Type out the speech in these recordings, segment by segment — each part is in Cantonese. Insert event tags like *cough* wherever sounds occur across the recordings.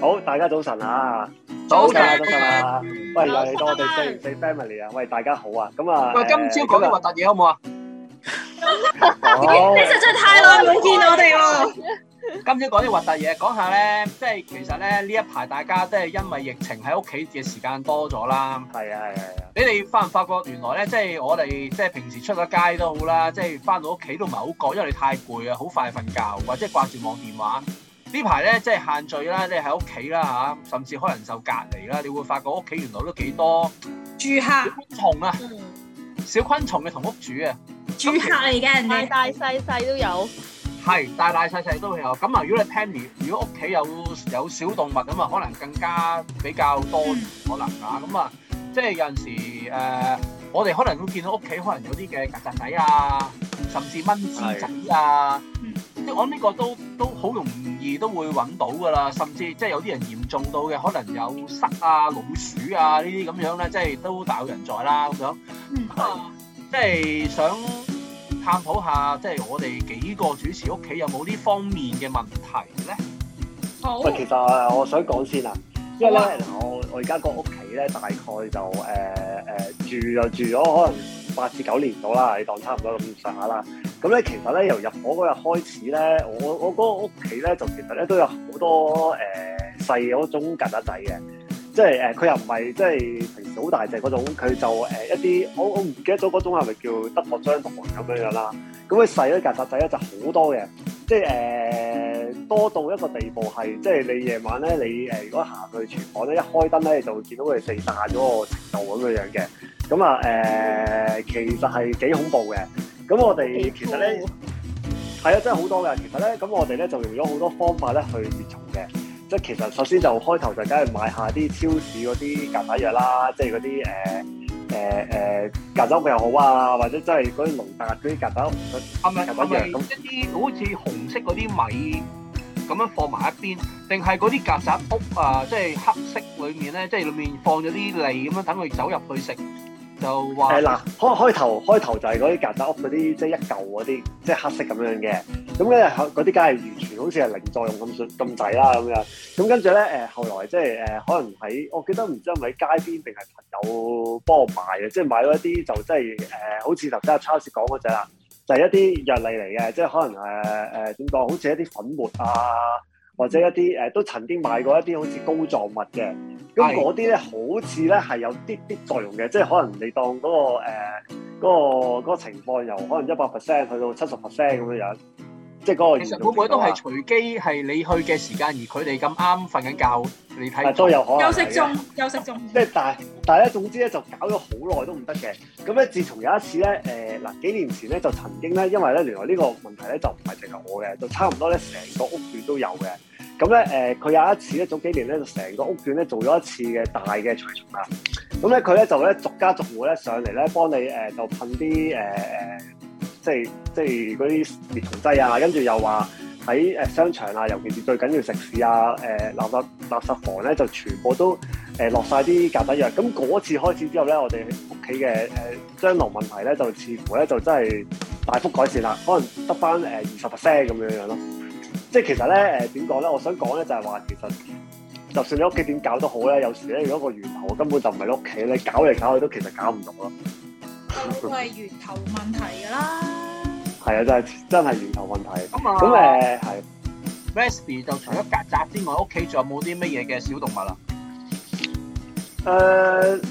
好，大家早晨啊！早晨，早晨啊！喂，嚟到我哋404 Family 啊！喂，大家好啊！咁啊，喂，今朝講啲核突嘢好唔好啊？你實在太耐冇見我哋喎！今朝講啲核突嘢，講下咧，即係其實咧呢一排大家都係因為疫情喺屋企嘅時間多咗啦。係啊，係啊，係啊！你哋發唔發覺原來咧，即係我哋即係平時出咗街都好啦，即係翻到屋企都唔係好過，因為你太攰啊，好快瞓覺，或者掛住望電話。呢排咧即係限聚啦，你喺屋企啦嚇，甚至可能就隔離啦，你會發覺屋企原來都幾多住客小昆蟲啊，嗯、小昆蟲嘅同屋主啊，住客嚟嘅，裡大大細細都有，係大大細細都有。咁啊，如果你聽如如果屋企有有小動物咁啊，可能更加比較多元、嗯、可能嚇。咁啊，即係有陣時誒、呃，我哋可能會見到屋企可能有啲嘅曱甴仔啊，甚至蚊螆仔仔啊。我呢個都都好容易都會揾到噶啦，甚至即係有啲人嚴重到嘅，可能有虱啊、老鼠啊呢啲咁樣咧，即係都大有人在啦咁樣，嗯。即係想探討下，即係我哋幾個主持屋企有冇呢方面嘅問題咧？好。其實我想講先啦，因為咧，哇我我而家個屋企咧，大概就誒誒、呃呃、住就住咗可能八至九年度啦，你當差唔多咁上下啦。嗯咁咧，其實咧，由入伙嗰日開始咧，我我嗰屋企咧，就其實咧都有好多誒、呃、細嗰種曱甴仔嘅，即係誒佢又唔係即係平時好大隻嗰、就是、種，佢就誒、呃、一啲我我唔記得咗嗰種係咪叫德國、那個、蟑螂咁樣樣啦。咁佢細啲曱甴仔咧就好多嘅，即係誒、呃、多到一個地步係，即係你夜晚咧你誒、呃、如果行去廚房咧一開燈咧就會見到佢哋四散嗰個程度咁樣樣嘅。咁啊誒，其實係幾恐怖嘅。咁我哋其實咧，係、嗯、啊，真係好多嘅。其實咧，咁我哋咧就用咗好多方法咧去滅蟲嘅。即係其實首先就開頭就梗係買下啲超市嗰啲曱甴藥啦，即係嗰啲誒誒誒曱甴屋又好啊，或者真係嗰啲農達嗰啲曱甴。咁樣咁一啲好似紅色嗰啲米咁樣放埋一邊，定係嗰啲曱甴屋啊？即、就、係、是、黑色裡面咧，即、就、係、是、裡面放咗啲餌咁樣，等佢走入去食。就話係嗱，開開頭開頭就係嗰啲曱甴屋嗰啲，即係一嚿嗰啲，即係黑色咁樣嘅。咁咧，嗰啲梗係完全好似係零作用咁咁滯啦咁樣。咁跟住咧，誒後來即係誒可能喺我記得唔知係咪喺街邊定係朋友幫我買嘅，即係買咗一啲就即係誒好似頭先阿 Charles 講嗰隻啦，就係、呃就是、一啲藥例嚟嘅，即係可能誒誒點講，好似一啲粉末啊。或者一啲誒、呃、都曾經買過一啲好似膏狀物嘅，咁嗰啲咧好似咧係有啲啲作用嘅，即係可能你當嗰、嗰個誒嗰、呃嗰個嗰個、情況由可能一百 percent 去到七十 percent 咁樣樣。即個其實會唔會都係隨機，係你去嘅時間，而佢哋咁啱瞓緊覺，你睇下都有可能休息中，休息中。即係但係但係，總之咧就搞咗好耐都唔得嘅。咁咧，自從有一次咧，誒、呃、嗱幾年前咧就曾經咧，因為咧原來呢個問題咧就唔係淨係我嘅，就差唔多咧成個屋苑都有嘅。咁咧誒，佢、呃、有一次咧早幾年咧，就成個屋苑咧做咗一次嘅大嘅除蟲啦。咁咧佢咧就咧逐家逐戶咧上嚟咧幫你誒就噴啲誒誒。呃呃呃呃呃即係即係嗰啲滅蟲劑啊，跟住又話喺誒商場啊，尤其是最緊要食肆啊、誒垃圾垃圾房咧，就全部都誒落晒啲曱甴藥。咁、呃、嗰次開始之後咧，我哋屋企嘅誒蟑螂問題咧，就似乎咧就真係大幅改善啦。可能得翻誒二十 percent 咁樣樣咯。即係其實咧誒點講咧，我想講咧就係話，其實就算你屋企點搞都好咧，有時咧如果個源頭根本就唔係屋企咧，搞嚟搞去都其實搞唔到咯。都係源頭問題㗎啦。 *laughs* 係啊，真係真係源頭問題。咁啊麼，咁誒係。是 Wesley 就除咗曱甴之外，屋企仲有冇啲乜嘢嘅小動物啊？誒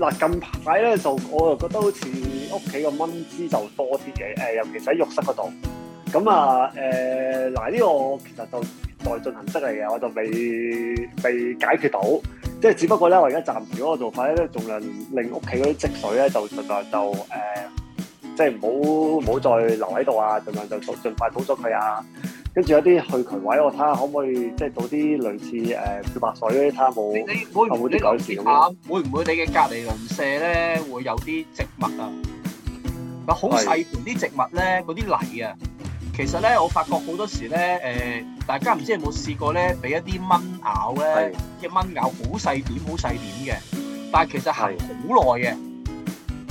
嗱、呃，近排咧就我誒覺得好似屋企個蚊子就多啲嘅，誒、呃、尤其是喺浴室嗰度。咁啊誒嗱呢個其實就在進行式嚟嘅，我就未未解決到，即係只不過咧我而家暫時嗰個做法咧，儘量令屋企嗰啲積水咧就儘量就誒。呃即係唔好唔好再留喺度啊！儘量就盡快捕捉佢啊！跟住有啲去渠位，我睇下可唔可以即係做啲類似誒漂、呃、白水嗰啲，睇下冇。你會唔會你留意下會唔會你嘅隔離鄰舍咧會有啲植物啊？嗱的，好細盤啲植物咧，嗰啲泥啊，其實咧我發覺好多時咧誒、呃，大家唔知有冇試過咧，俾一啲蚊咬咧，啲的蚊咬好細點好細點嘅，但係其實係好耐嘅。的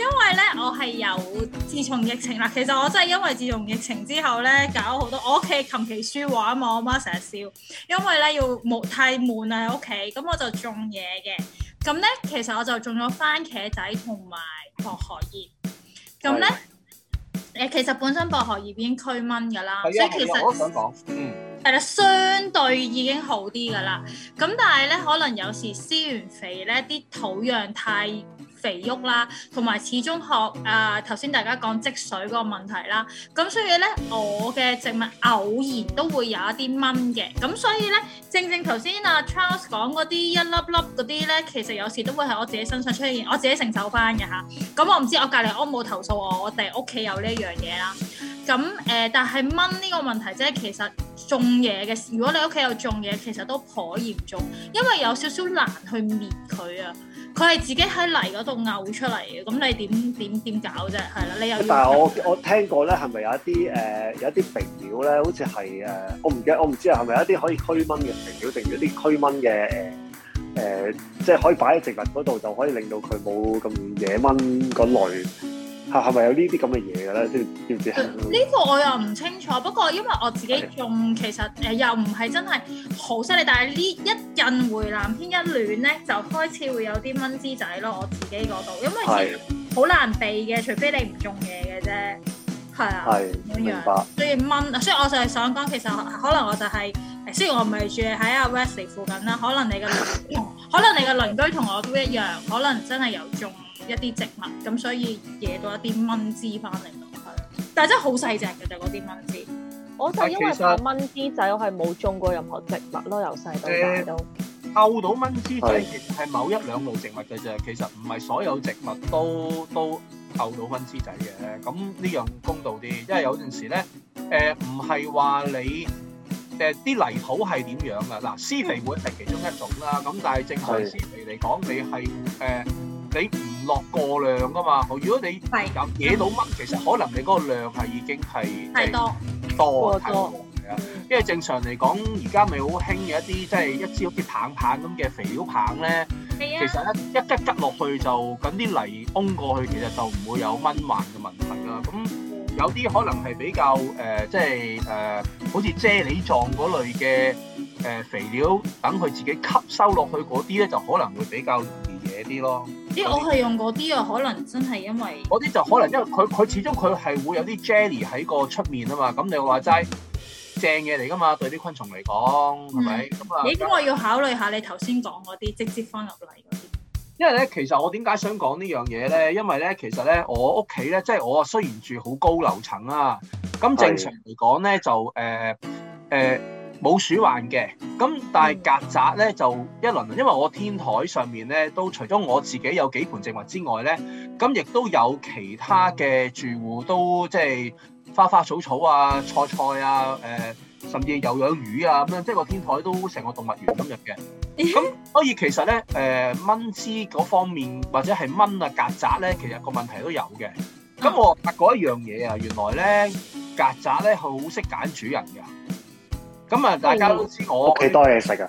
因為咧，我係有自從疫情啦，其實我真係因為自從疫情之後咧，搞好多。我屋企琴期書畫嘛，我阿媽成日笑，因為咧要冇太悶啦喺屋企，咁我就種嘢嘅。咁咧，其實我就種咗番茄仔同埋薄荷葉。咁咧，誒的其實本身薄荷葉已經驅蚊噶啦，的所以其實我想講，嗯，係啦，相對已經好啲噶啦。咁但係咧，可能有時施完肥咧，啲土壤太肥沃啦，同埋始終學啊頭先大家講積水嗰個問題啦，咁所以咧，我嘅植物偶然都會有一啲蚊嘅，咁所以咧正正頭先阿、啊、Charles 講嗰啲一粒粒嗰啲咧，其實有時都會喺我自己身上出現，我自己承受翻嘅吓。咁我唔知我隔離安冇投訴我，我哋屋企有呢一樣嘢啦。咁、啊、誒、啊啊，但係蚊呢個問題即係其實種嘢嘅，如果你屋企有種嘢，其實都頗嚴重，因為有少少難去滅佢啊。佢係自己喺泥嗰度嘔出嚟嘅，咁你點點點搞啫？係啦，你又但係我我聽過咧，係咪有一啲誒、呃、有一啲肥料咧，好似係誒我唔記得我唔知啊，係咪有一啲可以驅蚊嘅肥料定有啲驅蚊嘅誒誒，即係可以擺喺植物嗰度就可以令到佢冇咁惹蚊嗰類。係咪有呢啲咁嘅嘢嘅咧？知唔知啊？呢、呃呢個我又唔清楚，不過因為我自己種的其實誒又唔係真係好犀利，但係呢一印回南天一暖咧，就開始會有啲蚊枝仔咯。我自己嗰度因為好難避嘅，的除非你唔種嘢嘅啫，係啊，一樣都要蚊。所以我就係想講，其實可能我就係、係、雖然我唔係住喺阿 Wesley 附近啦，可能你嘅 *laughs* 可能你嘅鄰居同我都一樣，可能真係有種。一啲植物，咁所以惹到一啲蚊滋翻嚟，係，但係真係好細隻嘅就嗰啲蚊滋，我就因為個蚊滋仔係冇種過任何植物咯，由細到大都。溝到蚊滋仔其實係某一兩路植物嘅啫，其實唔係所有植物都都溝到蚊滋仔嘅，咁呢樣公道啲，因為有陣時咧，誒唔係話你誒啲泥土係點樣啊？嗱，施肥會係其中一種啦，咁但係正常施肥嚟講，你係誒。你唔落過量噶嘛？如果你係有嘢到蚊，其實可能你嗰個量係已經係太多多過多係啊。因為正常嚟講，而家咪好興嘅一啲即係一支好似棒棒咁嘅肥料棒咧。係啊，其實咧一吉吉落去就咁啲泥沖過去，其實就唔會有蚊患嘅問題啦。咁有啲可能係比較誒，即係誒好似啫喱狀嗰類嘅誒肥料，等佢自己吸收落去嗰啲咧，就可能會比較容易嘢啲咯。啲、欸、我係用嗰啲啊，可能真係因為嗰啲就可能因為佢佢始終佢係會有啲 jelly 喺個出面啊嘛，咁你話齋正嘢嚟㗎嘛，對啲昆蟲嚟講係咪？咁、嗯、啊，你咁我要考慮下你頭先講嗰啲直接翻入嚟嗰啲。因為咧，其實我點解想講呢樣嘢咧？因為咧，其實咧，我屋企咧，即係我雖然住好高樓層啦，咁正常嚟講咧，的就誒誒。呃呃冇鼠患嘅，咁但係曱甴咧就一輪輪，因為我天台上面咧都除咗我自己有幾盆植物之外咧，咁亦都有其他嘅住戶都即係花花草草啊、菜菜啊、誒、呃、甚至又養魚啊咁樣，即係個天台都成個動物園咁入嘅。咁、啊、所以其實咧誒蚊滋嗰方面或者係蚊啊曱甴咧，其實個問題都有嘅。咁我發覺一樣嘢啊，原來咧曱甴咧佢好識揀主人㗎。咁啊！大家都知我屋企多嘢食啊，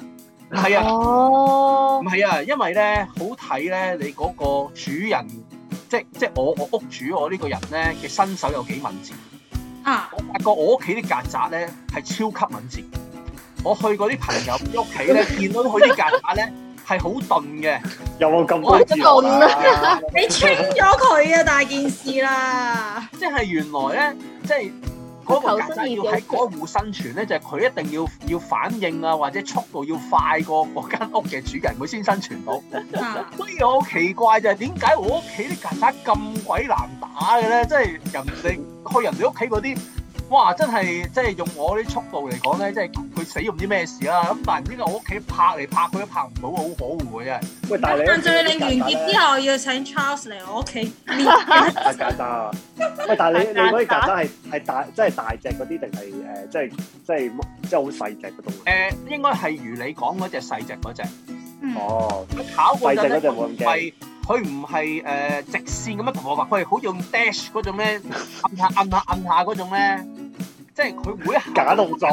係啊，唔係啊，因為咧好睇咧，你嗰個主人，即係即係我我屋主我呢個人咧嘅身手有幾敏捷啊！我發覺我屋企啲曱甴咧係超級敏捷，我去過啲朋友屋企咧， *laughs* 見到佢啲曱甴咧係好鈍嘅，鈍有冇咁 *laughs* 啊？你穿咗佢啊，大件事啦！ *laughs* 即係原來咧，即係。嗰個曱甴要喺嗰戶生存咧，就係、是、佢一定要要反應啊，或者速度要快過嗰間屋嘅主人，佢先生存到。 *laughs* 所以我好奇怪就係點解我屋企啲曱甴咁鬼難打嘅咧？即、就、係、是、人哋去人哋屋企嗰啲。哇！真係，即係用我啲速度嚟講咧，即係佢死都唔知咩事啦！咁但係唔知我屋企拍嚟拍去都拍唔到，好可惡嘅。真喂，但係你最你,你完結之後呢要請 Charles 嚟我屋企。曱甴啊！喂，但係你 *laughs* 你啲曱甴係大，即係大隻嗰啲，定係誒，即係即係即係好細隻嗰種。誒、呃，應該係如你講嗰隻細隻嗰隻。嗯、哦。考過嗰隻冇咁驚。佢唔係誒直線咁樣同我話，佢係好似用 dash 嗰種咧，按下按下按下嗰種咧，即係佢會假動作。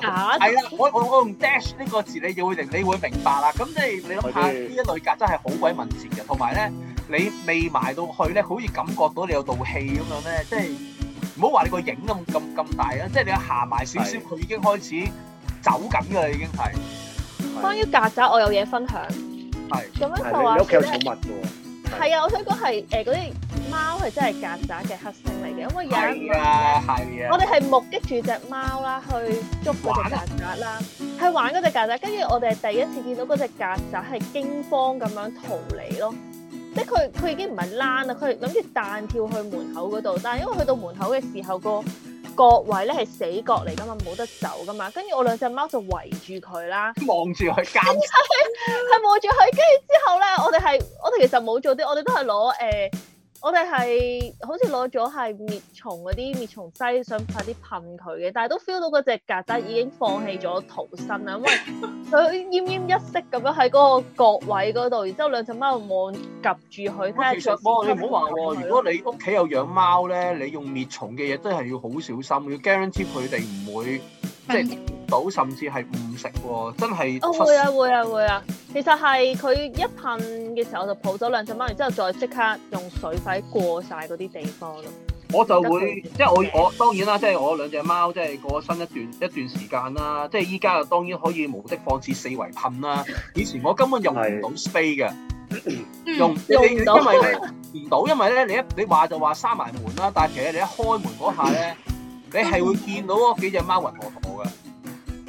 假係啦，我我我用 dash 呢個字，你就會明，你會明白啦。咁即係你諗下呢一類曱甴係好鬼文靜嘅，同埋咧你未埋到去咧，好似感覺到你有道氣咁樣咧，即係唔好話你個影咁咁咁大啊，即係你行埋少少，佢已經開始走緊㗎啦，已經係。關於曱甴，我有嘢分享。咁樣就話啊！屋企有寵物嘅係啊，我想講係誒嗰啲貓係真係曱甴嘅克星嚟嘅，因為有一晚，啊啊、我哋係目擊住隻貓啦，去捉嗰隻曱甴啦，去玩嗰隻曱甴，跟住我哋係第一次見到嗰隻曱甴係驚慌咁樣逃離咯，即係佢佢已經唔係躝啦，佢諗住彈跳去門口嗰度，但係因為去到門口嘅時候個。角位咧係死角嚟㗎嘛，冇得走㗎嘛。跟住我兩隻貓就圍住佢啦，望住佢，跟住佢望住佢。跟住之後咧，我哋係我哋其實冇做啲，我哋都係攞誒。呃我哋係好似攞咗係滅蟲嗰啲滅蟲劑，想快啲噴佢嘅，但係都 feel 到嗰隻曱甴已經放棄咗逃生啦，因為佢奄奄一息咁樣喺嗰個角位嗰度，然之後兩隻貓望及住佢，睇下出唔出。其實你唔好話喎，如果你屋企有養貓咧，你用滅蟲嘅嘢都係要好小心，要 guarantee 佢哋唔會。食唔到，甚至係誤食喎，真係。我、哦、會啊會啊會啊，其實係佢一噴嘅時候，就抱咗兩隻貓，然之後再即刻用水洗過晒嗰啲地方咯。我就會，即係我我當然啦，即係我兩隻貓，即係過身一段一段時間啦，即係依家啊，當然可以無的放矢四圍噴啦。以前我根本用唔到 spray 嘅， *laughs* *laughs* 用你用到唔到，因為咧你一 *laughs* 你話就話閂埋門啦，但係其實你一開門嗰下咧。 *laughs* 你係會見到嗰幾隻貓暈陀陀嘅，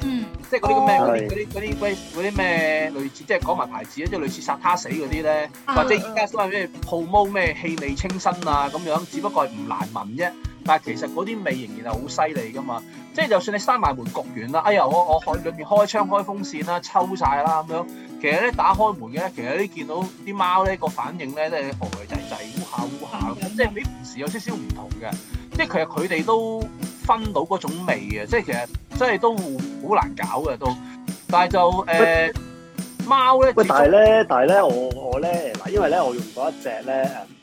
嗯，即係嗰啲咁咩嗰啲啲啲啲咩類似，即係講埋牌子咧，即係類似殺他死嗰啲咧，啊啊、或者而家所謂咩泡沫咩氣味清新啊咁樣，只不過係唔難聞啫。但係其實嗰啲味仍然係好犀利噶嘛。即係就算你閂埋門焗完啦，哎呀我我可裏面開窗開風扇啦，抽晒啦咁樣，其實咧打開門嘅咧，其實你見到啲貓咧個反應咧都係狂女仔仔，烏下烏下，即係平時有少少唔同嘅。即係其實佢哋都。分到嗰種味嘅，即係其實即係都好難搞嘅都，但係就誒喂、呃、貓咧，但係咧，作但係咧，我我咧，嗱，因為咧，我用過一隻咧誒。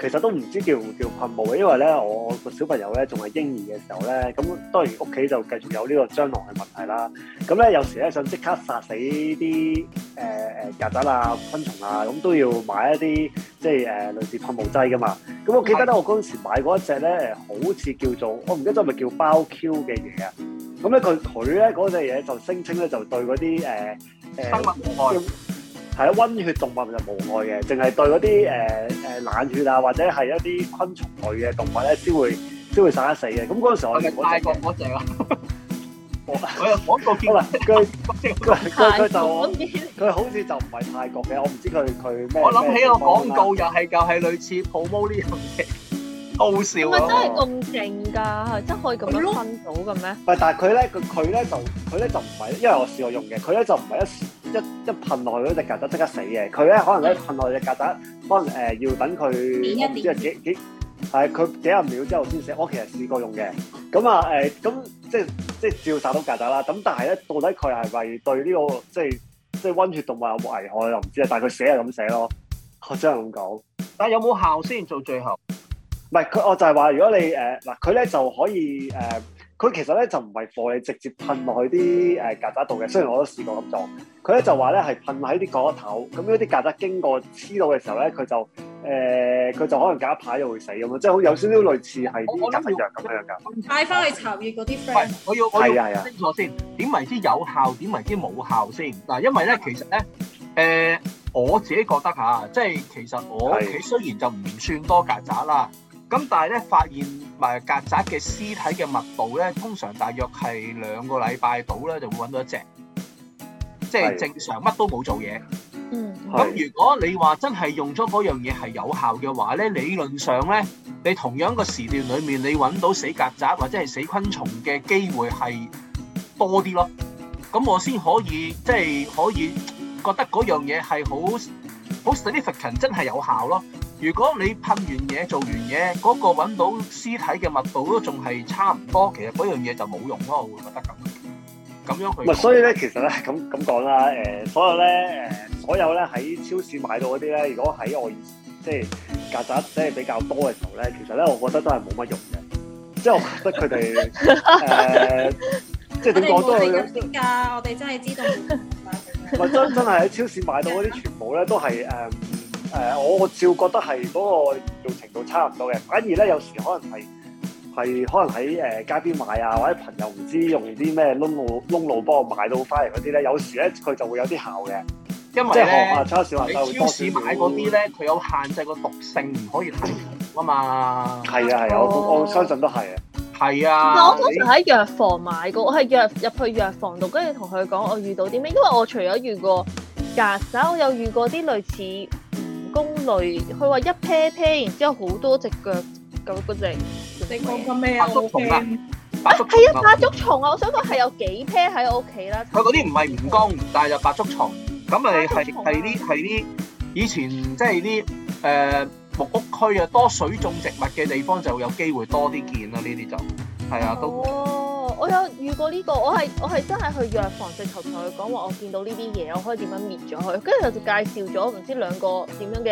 其實都唔知叫叫噴霧，因為咧我個小朋友咧仲係嬰兒嘅時候咧，咁當然屋企就繼續有呢個蟑螂嘅問題啦。咁咧有時咧想即刻殺死啲誒誒曱甴啊、昆、呃、蟲啊，咁都要買一啲即係誒、呃、類似噴霧劑噶嘛。咁我記得咧，我嗰陣時買過一隻咧，好似叫做我唔記得咗係咪叫包 Q 嘅嘢啊。咁咧佢佢咧嗰隻嘢就聲稱咧就對嗰啲誒誒生物係温血動物就無害嘅，淨係對嗰啲誒誒冷血啊，或者係一啲昆蟲類嘅動物咧，先會先會散得死嘅。咁嗰陣時，我係冇聽過嗰隻啦。我我廣告見佢佢佢佢佢佢好似就佢好似就唔係泰國嘅，我唔知佢佢咩。我諗起個廣告又係又係類似抱貓呢樣嘢，好笑咯。唔係真係咁勁㗎，即係可以咁樣分到嘅咩？唔係，但係佢咧，佢佢咧就佢咧就唔係，因為我試過用嘅，佢咧就唔係一。一一噴落去嗰隻曱甴即刻死嘅，佢咧可能咧噴落去隻曱甴，可能誒、呃、要等佢唔知幾幾，係佢幾十、呃、秒之後先死。我其實試過用嘅，咁啊誒、咁、嗯嗯嗯、即係即係照殺到曱甴啦。咁但係咧，到底佢係咪對呢、這個即係即係溫血動物有冇危害，又唔知啊？但係佢寫係咁寫咯，我真係咁講。但係有冇效先？做最後，唔係佢，我就係話如果你誒嗱，佢、呃、咧就可以誒。呃佢其實咧就唔係放你直接噴落去啲誒曱甴度嘅，雖然我都試過咁做。佢咧就話咧係噴喺啲角頭，咁如果啲曱甴經過黐到嘅時候咧，佢就誒佢就可能隔一排就會死咁咯，即係好有少少類似係啲殺藥咁樣樣㗎。帶翻去巢穴嗰啲 friend。我要我要清楚先，點為之有效？點為之冇效先嗱？因為咧其實咧誒我自己覺得嚇，即係其實我屋企雖然就唔算多曱甴啦。咁但係咧，發現埋曱甴嘅屍體嘅密度咧，通常大約係兩個禮拜到咧，就會揾到一隻，即係正常乜都冇做嘢。嗯的，咁如果你話真係用咗嗰樣嘢係有效嘅話咧，理論上咧，你同樣個時段裏面你揾到死曱甴或者係死昆蟲嘅機會係多啲咯。咁我先可以即係、就是、可以覺得嗰樣嘢係好好 scientific 真係有效咯。如果你噴完嘢做完嘢，嗰個揾到屍體嘅密度都仲係差唔多，其實嗰樣嘢就冇用咯，我會覺得咁。咁樣佢唔係，所以咧其實咧咁咁講啦，誒所有咧誒所有咧喺超市買到嗰啲咧，如果喺外即係曱甴即係比較多嘅時候咧，其實咧我覺得都係冇乜用嘅，即係覺得佢哋誒，即係點講都係。我哋真係知道。唔係真真係喺超市買到嗰啲全部咧都係誒。誒、呃，我照覺得係嗰個用程度差唔多嘅。反而咧，有時可能係係可能喺誒、呃、街邊買啊，或者朋友唔知用啲咩窿路窿路幫我買到翻嚟嗰啲咧，有時咧佢就會有啲效嘅，因為咧即係學，喺超市買嗰啲咧，佢有限制個毒性，唔可以太重啊嘛。係啊係啊，我我相信都係啊，係啊。唔係我嗰時喺藥房買過，我係藥入去藥房度，跟住同佢講我遇到啲咩，因為我除咗遇過曱甴，我有遇過啲類似。工類，佢話一 pair pair，然之後好多隻腳咁嗰隻。你講緊咩啊？我聽。白竹蟲啊。係啊，白竹蟲啊，我想講係有幾 pair 喺我屋企啦。佢嗰啲唔係蜈蚣，但係就白竹蟲。咁咪係係啲係啲以前即係啲誒木屋區啊，多水種植物嘅地方就有機會多啲見啦。呢啲就係啊，都。我有遇過呢、呢個，我係我係真係去藥房直頭同佢講話，我見到呢啲嘢，我可以點樣滅咗佢？跟住佢就介紹咗唔知兩個點樣嘅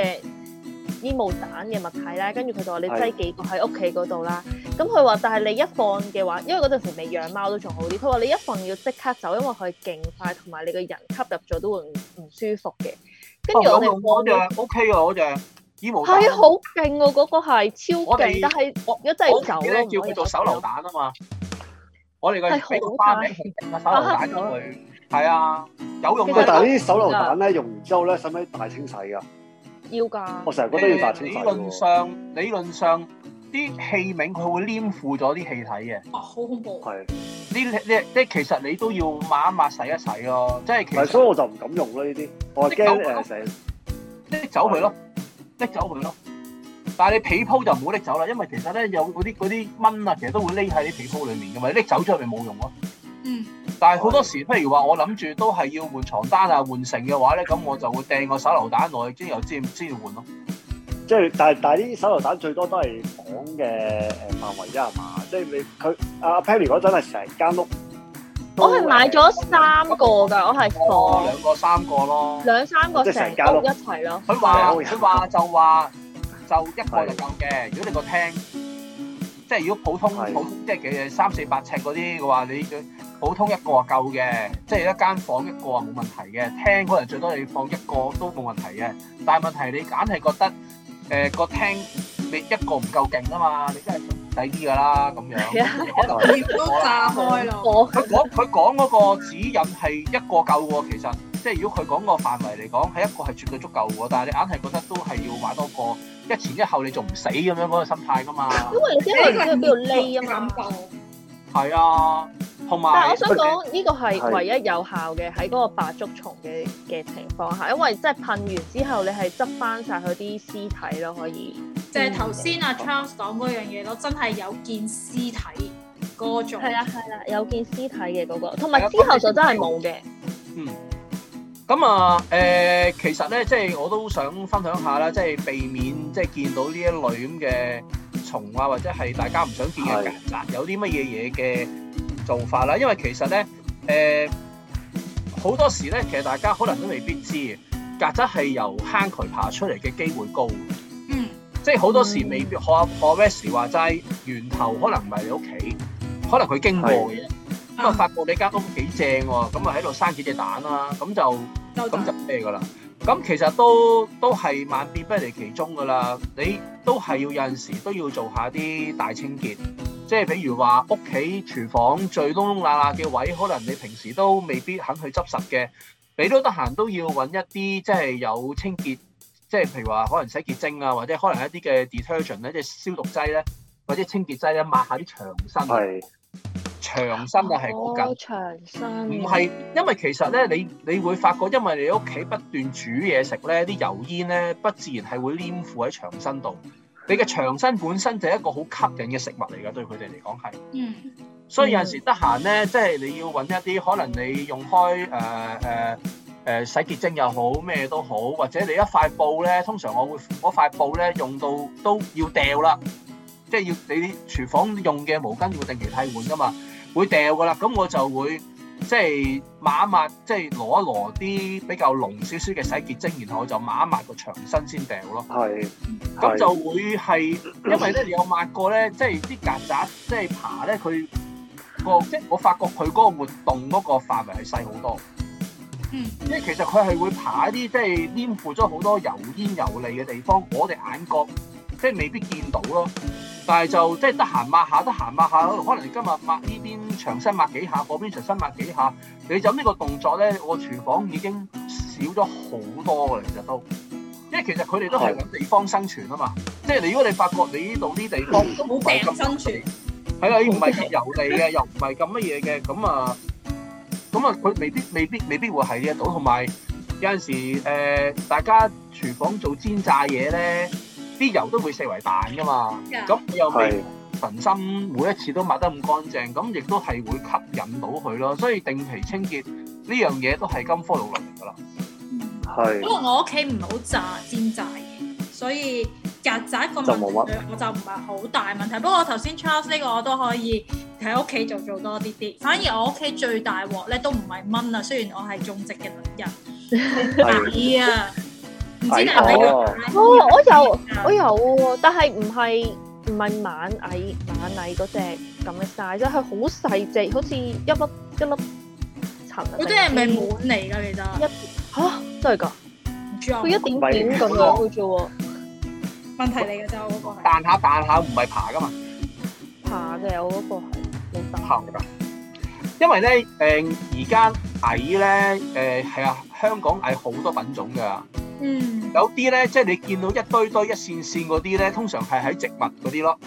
煙霧彈嘅物體啦。跟住佢就話你擠幾個喺屋企嗰度啦。咁佢話，但係你一放嘅話，因為嗰陣時未養貓都仲好啲。佢話你一放要即刻走，因為佢勁快，同埋你個人吸入咗都會唔舒服嘅。跟住我哋嗰隻 O K 啊，嗰隻煙霧彈係好勁喎，嗰、嗰個係超勁，們但係我一陣我走。我啲咧叫佢做手榴彈啊嘛。我哋個俾個花名，個手榴彈咗佢，係啊有用啊！但係呢啲手榴彈咧，用完之後咧使唔使大清洗噶？要噶。我成日覺得都要大清洗咯。理論上，理論上啲器皿佢會黏附咗啲氣體嘅。哇，好恐怖！係，啲啲啲，其實你都要抹一抹，洗一洗咯。即係其實。唔係，所以我就唔敢用咯呢啲。我係驚呢樣嘢。搦走佢咯，搦走佢咯。但係你被鋪就唔好拎走啦，因為其實咧有嗰啲啲蚊啊，其實都會匿喺啲被鋪裏面嘅嘛，拎走出去咪冇用咯。嗯。但係好多時，譬如話我諗住都係要換床單啊、換成嘅話咧，咁我就會掟個手榴彈落去，我已經由知唔知要換咯。即係，但係但係啲手榴彈最多都係房嘅誒範圍啫，係嘛？即係你佢阿、啊、p 阿 Penny 嗰陣係成間屋我。我係買咗三個㗎，我係兩個三個咯，兩三個成間屋，屋一齊咯。佢話佢話就話。就一個就夠嘅，的如果你個廳，即係如果普通的普通，即係幾三四百尺嗰啲嘅話，你普通一個啊夠嘅，即係一間房一個啊冇問題嘅，廳可能最多你放一個都冇問題嘅。但係問題你硬係覺得誒、呃那個廳你一個唔夠勁啊嘛，你真係細啲㗎啦咁樣，都炸開咯。佢講佢講嗰個指引係一個夠喎，其實即係如果佢講個範圍嚟講，係一個係絕對足夠喎。但係你硬係覺得都係要買多個。一前一後你仲唔死咁樣，嗰、嗰個心態噶嘛？ *laughs* 因為因為你知佢喺邊度匿啊嘛？係啊，同埋但係我想講呢、呢個係唯一有效嘅喺嗰個百足蟲嘅嘅情況下，因為即係噴完之後你係執翻晒佢啲屍體咯，可以即係頭先阿 Charles 講嗰樣嘢咯，真係、啊啊啊、有見屍體嗰種係啦係啦，有見屍體嘅嗰個，同埋之後就真係冇嘅。 *laughs* 嗯。咁啊，誒、呃，其實咧，即係我都想分享下啦，即係避免即係見到呢一類咁嘅蟲啊，或者係大家唔想見嘅曱甴，有啲乜嘢嘢嘅做法啦。是的 因為其實咧，誒、呃、好多時咧，其實大家可能都未必知曱甴係由坑渠爬出嚟嘅機會高，嗯，即係好多時未必好似好似 Sosze 話齋，源頭可能唔係你屋企，可能佢經過嘅。咁啊，發覺、嗯、你間屋幾正喎，咁啊喺度生幾隻蛋啦，咁就咁在就咩噶啦？咁其實都都係萬變不離其宗噶啦，你都係要有陣時都要做一下啲大清潔，即係譬如話屋企廚房最窿窿罅罅嘅位，可能你平時都未必肯去執拾嘅，你都得閒都要揾一啲即係有清潔，即係譬如話可能洗潔精啊，或者可能一啲嘅 detergent 咧，即係消毒劑咧，或者清潔劑咧，抹下啲牆身。長身啊，係嗰間。長身。唔係，因為其實咧，你你會發覺，因為你屋企不斷煮嘢食咧，啲油煙咧，不自然係會黏附喺長身度。你嘅長身本身就係一個好吸引嘅食物嚟㗎，對佢哋嚟講係。嗯。所以有陣時得閒咧，即係你要揾一啲可能你用開誒誒誒洗潔精又好，咩都好，或者你一塊布咧，通常我會嗰塊布咧用到都要掉啦。即係要你廚房用嘅毛巾要定期替換㗎嘛，會掉㗎喇。咁我就會即係抹一抹，即係攞一攞啲比較濃少少嘅洗潔精，然後我就抹一抹個牆身先掉咯。係，咁就會係，因為咧有抹過咧，即係啲曱甴，即係爬咧佢個即係我發覺佢嗰個活動嗰個範圍係細好多。嗯，即係其實佢係會爬喺啲即係黏附咗好多油煙油膩嘅地方，我哋眼角，即係未必見到咯，但係就即係得閒抹下，得閒抹下咯。可能今日抹呢邊牆身抹幾下，嗰邊牆身抹幾下。你就呢個動作咧，我廚房已經少咗好多嘅，其實都。因為其實佢哋都係揾地方生存啊嘛。哦、即係你，如果你發覺你呢度啲地方都冇病生存，係 *laughs* 啊，唔係咁油膩嘅，又唔係咁乜嘢嘅，咁啊，咁啊，佢未必、未必、未必會係呢度。同埋有陣時誒、呃，大家廚房做煎炸嘢咧。啲油都會四圍彈噶嘛，咁 Yeah. 又未神心，每一次都抹得咁乾淨，咁亦的都係會吸引到佢咯。所以定期清潔呢樣嘢都係金科玉律嚟㗎啦。係、嗯。的不過我屋企唔係好炸煎炸嘢，所以曱甴個問題我就，我就唔係好大問題。不過我頭先 Charles 呢個我都可以喺屋企就做多啲啲。反而我屋企最大鑊咧都唔係蚊啊，雖然我係種植嘅女人。係啊的。 *laughs* *laughs* 唔知啊！哦，我有，我有，但係唔係唔係螻蟻，螻蟻嗰隻咁嘅晒，即 z 佢好細隻，好似一粒一粒。嗰啲係咪蟻嚟噶？你得？嚇，真係噶！佢一點點咁樣，會叫喎。問嚟嘅啫，我嗰個。蛋蟹唔係爬噶嘛？爬嘅，我嗰個係。爬嘅。因為咧，誒而家蟻咧，誒係啊，香港蟻好多品種噶。嗯，有啲咧，即係你見到一堆堆一線線嗰啲咧，通常係喺植物嗰啲咯，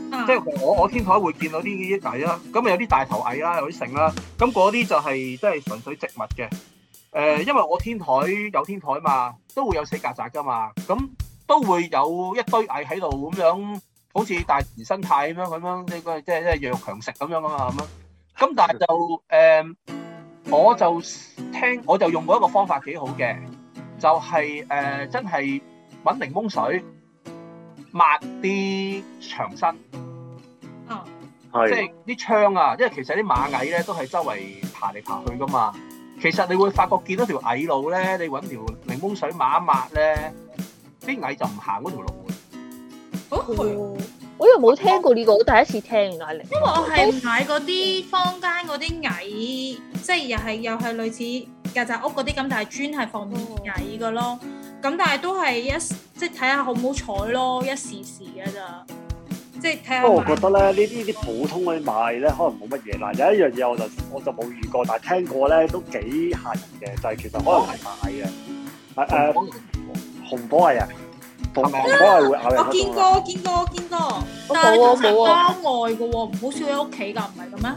即係我我天台會見到啲蟻啦，咁啊有啲大頭蟻啦，有啲蟻啦，咁嗰啲就係真係純粹植物嘅。誒，因為我天台有天台嘛，都會有死曱甴噶嘛，咁都會有一堆蟻喺度咁樣，好似大自然生態咁樣咁樣，呢個即係即係弱肉強食咁樣啊咁樣。咁但係就誒，我就聽我就用過一個方法幾好嘅。就係、是、誒、呃，真係揾檸檬水抹啲牆身，啊、哦，即係啲窗啊，因為其實啲螞蟻咧都係周圍爬嚟爬去噶嘛。其實你會發覺見到條蟻路咧，你揾條檸檬水抹一抹咧，啲蟻就唔行嗰條路好，哦、嗯，我又冇聽過呢個，我第一次聽，原來。因為我係買嗰啲坊間嗰啲蟻，即係又係又係類似。舊舊屋嗰啲咁，但係磚係放年矮噶咯，咁、嗯、但係都係一即係睇下好唔好彩咯，一時時嘅咋，即係。不過我覺得咧，呢啲啲普通去賣咧，可能冇乜嘢。嗱，有一樣嘢，我就我就冇遇過，但係聽過咧都幾吓人嘅，就係、是、其實可能賣、哦、啊，嘅、呃。誒波，紅火系啊，紅火系會咬你紅火啊！我見過見過見過，冇、哦、啊。郊外噶喎，唔好少喺屋企噶，唔係噶咩？啊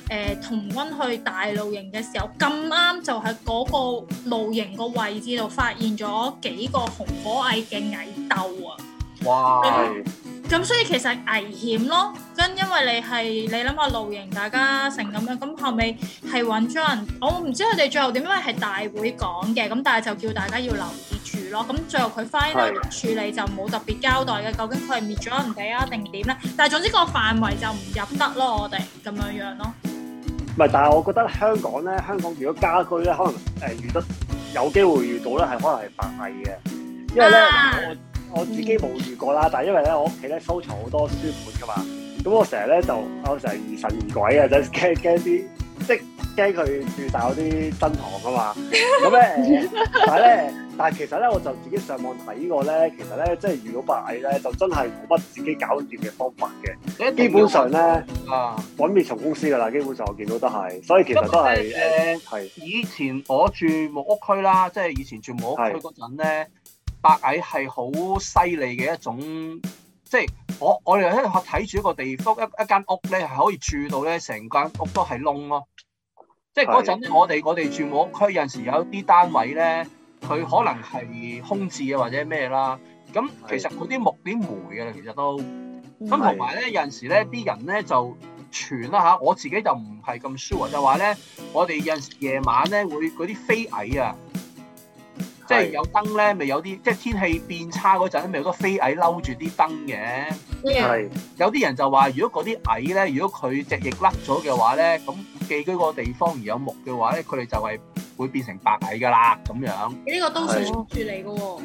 誒，同温去大露營嘅時候，咁啱就喺嗰個露營個位置度發現咗幾個紅火蟻嘅蟻竇啊！哇！咁、嗯嗯嗯、所以其實危險咯，跟因為你係你諗下露營，大家成咁樣，咁、嗯、後尾係揾咗人，我唔知佢哋最後點，因為係大會講嘅，咁但係就叫大家要留意住咯。咁、嗯、最後佢返去處理就冇特別交代嘅，究竟佢係滅咗人哋啊，定點咧？但係總之個範圍就唔入得咯，我哋咁樣樣咯。唔係，但係我覺得香港咧，香港如果家居咧，可能誒、呃、遇得有機會遇到咧，係可能係白蟻嘅，因為咧、啊、我我自己冇遇過啦，但係因為咧我屋企咧收藏好多書本㗎嘛，咁我成日咧就我成日疑神疑鬼啊，就係驚驚啲。佢住大嗰啲新堂啊嘛，咁咧，但係咧，但係其實咧，我就自己上網睇過咧，其實咧，即係遇到白蟻咧，就真係冇乜自己搞掂嘅方法嘅。基本上咧，揾、啊、滅蟲公司噶啦，基本上我見到都係。所以其實都係係。以前我住木屋區啦，即係以前住木屋區嗰陣咧，白蟻係好犀利嘅一種，即係我我哋喺度睇住一個地方一一間屋咧，係可以住到咧，成間屋都係窿咯。即係嗰陣我哋我哋住某區有陣時有啲單位咧，佢可能係空置啊或者咩啦。咁其實佢啲木點霉嘅啦，其實都。咁同埋咧，有陣時咧啲人咧就傳啦嚇、啊，我自己就唔係咁 sure，就話咧，我哋有陣時夜晚咧會嗰啲飛蟻啊。即係有燈咧，咪有啲即係天氣變差嗰陣，咪有個飛蟻嬲住啲燈嘅。係 Yeah. 有啲人就話，如果嗰啲蟻咧，如果佢隻翼甩咗嘅話咧，咁寄居個地方而有木嘅話咧，佢哋就係會變成白蟻噶啦咁樣。呢個都市傳説嚟嘅喎。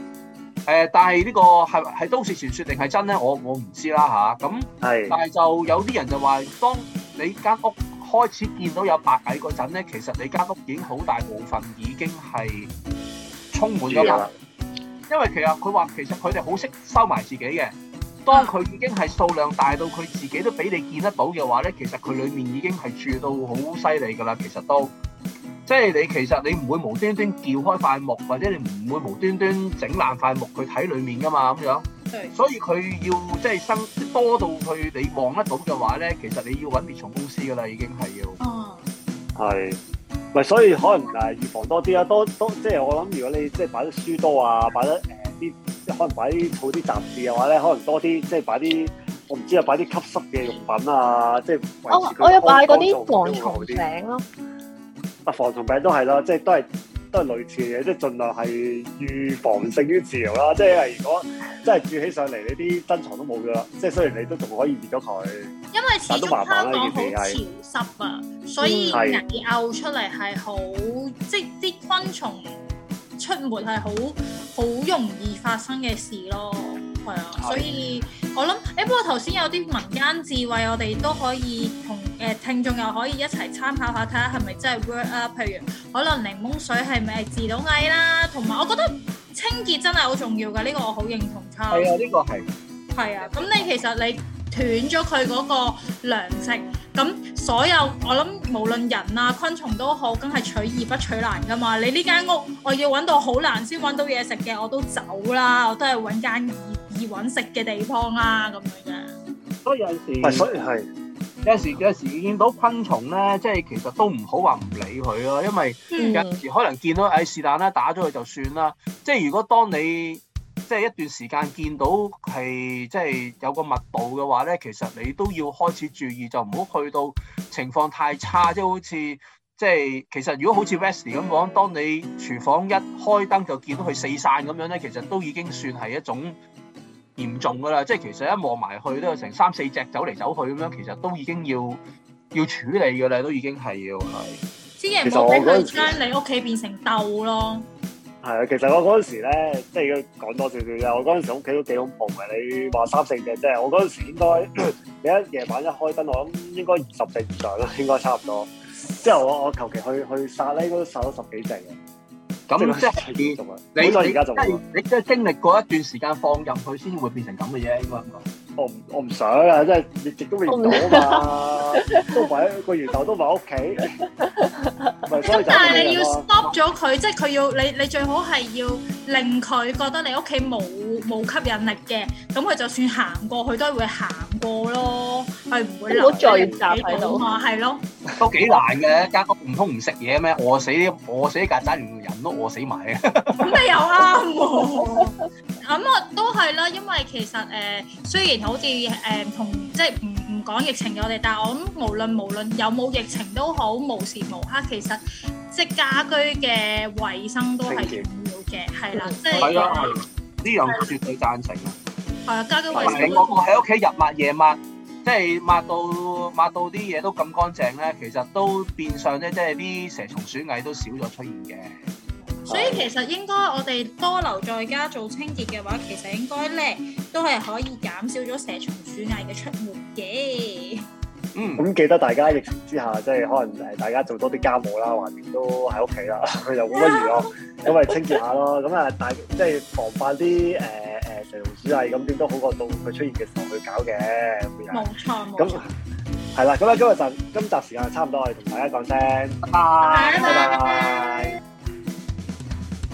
但係呢個係係都市傳説定係真咧？我我唔知啦嚇。咁、啊、係，的但係就有啲人就話，當你間屋開始見到有白蟻嗰陣咧，其實你間屋已經好大部分已經係。充滿咗啦，因為其實佢話，其實佢哋好識收埋自己嘅，當佢已經係數量大到佢自己都俾你見得到嘅話咧，其實佢裏面已經係住到好犀利噶啦。其實都，即係你其實你唔會無端端撬開塊木，或者你唔會無端端整爛塊木去睇裏面噶嘛，咁樣，對 所以佢要即係生多到佢你望得到嘅話咧，其實你要搵滅蟲公司噶啦，已經係要，哦，係。唔係，所以可能誒預防多啲啦。多多，多即係我諗，如果你即係擺得書多啊，擺啲誒啲，可能擺啲好啲雜誌嘅話咧，可能多啲，即係擺啲我唔知啊，擺啲吸濕嘅用品啊，即係、哦、我要、哦、我有擺嗰啲防蟲餅咯。啊，防蟲餅都係啦，即係都係都係類似嘅嘢，即係盡量係預防勝於治療啦。即係如果即係住起上嚟，你啲珍藏都冇噶啦。即係雖然你都仲可以滅咗佢。因為始終香港好潮濕啊，所以蟻咬出嚟係好，即啲昆蟲出沒係好好容易發生嘅事咯，係啊，所以我諗誒、欸，不過頭先有啲民間智慧，我哋都可以同誒、呃、聽眾又可以一齊參考下，睇下係咪真係 work 啊？譬如可能檸檬水係咪治到蟻啦，同埋我覺得清潔真係好重要㗎，呢、這個我好認同。差係啊，呢、這個係係啊，咁你其實你。斷咗佢嗰個糧食，咁所有我諗無論人啊、昆蟲都好，梗係取易不取難㗎嘛。你呢間屋我要搵到好難先搵到嘢食嘅，我都走啦，我都係搵間易易搵食嘅地方啦咁樣嘅。就是、所以有時唔係，所以係有時有時，有時見到昆蟲咧，即係其實都唔好話唔理佢咯，因為有時可能見到誒是但啦，打咗佢就算啦。即係如果當你即係一段時間見到係即係有個密度嘅話咧，其實你都要開始注意，就唔好去到情況太差，即係好似即係其實如果好似 Wesley 咁講，當你廚房一開燈就見到佢四散咁樣咧，其實都已經算係一種嚴重㗎啦。即係其實一望埋去都有成三四隻走嚟走去咁樣，其實都已經要要處理㗎啦，都已經係要係。千祈唔好俾佢將你屋企變成竇咯。係啊，其實我嗰陣時咧，即係要講多少少嘅。我嗰陣時屋企都幾恐怖嘅。你話三四隻，即係我嗰陣時應該， *coughs* 你一夜晚一開燈，我諗應該二十隻以上咯，應該差唔多。之後我我求其去去殺咧，應該都殺咗十幾隻嘅。咁即係啲咁啊，本來而家仲要。你即係經歷過一段時間放入去，先會變成咁嘅嘢，應該咁講。我唔我唔想啊！真係你極都未唔到啊嘛， *laughs* 都埋一個源頭都埋屋企。咁 *laughs* 但係你要 stop 咗佢，即係佢要你你最好係要令佢覺得你屋企冇。冇吸引力嘅，咁佢就算行過去都係會行過咯，係唔會留喎。你冇再睇到係咯，都幾 *laughs* 難嘅家間唔通唔食嘢咩？餓死啲餓死啲曱甴，連人都餓死埋嘅。咁你又啱喎，咁我、 *laughs* *laughs* 嗯、都係啦。因為其實誒、呃，雖然好似誒同即係唔唔講疫情我哋，但係我諗無論無論有冇疫情都好，無時無刻其實即係家居嘅衛生都係重要嘅，係啦，即係。呢樣我絕對贊成嘅。係啊，家居衛生喺屋企日抹夜抹，即係抹到抹到啲嘢都咁乾淨咧，其實都變相咧，即係啲蛇蟲鼠蟻都少咗出現嘅。所以其實應該我哋多留在家做清潔嘅話，其實應該咧都係可以減少咗蛇蟲鼠蟻嘅出沒嘅。嗯，咁記得大家疫情之下，即係可能誒大家做多啲家務啦，橫掂都喺屋企啦，佢又冇乜娛樂，咁咪清潔下咯。咁啊，大即係防範啲誒誒蛇蟲鼠蟻，咁點都好過到佢出現嘅時候去搞嘅。冇錯，冇錯。咁係啦，咁啊今日集今集時間差唔多，我哋同大家講聲，拜拜，拜拜。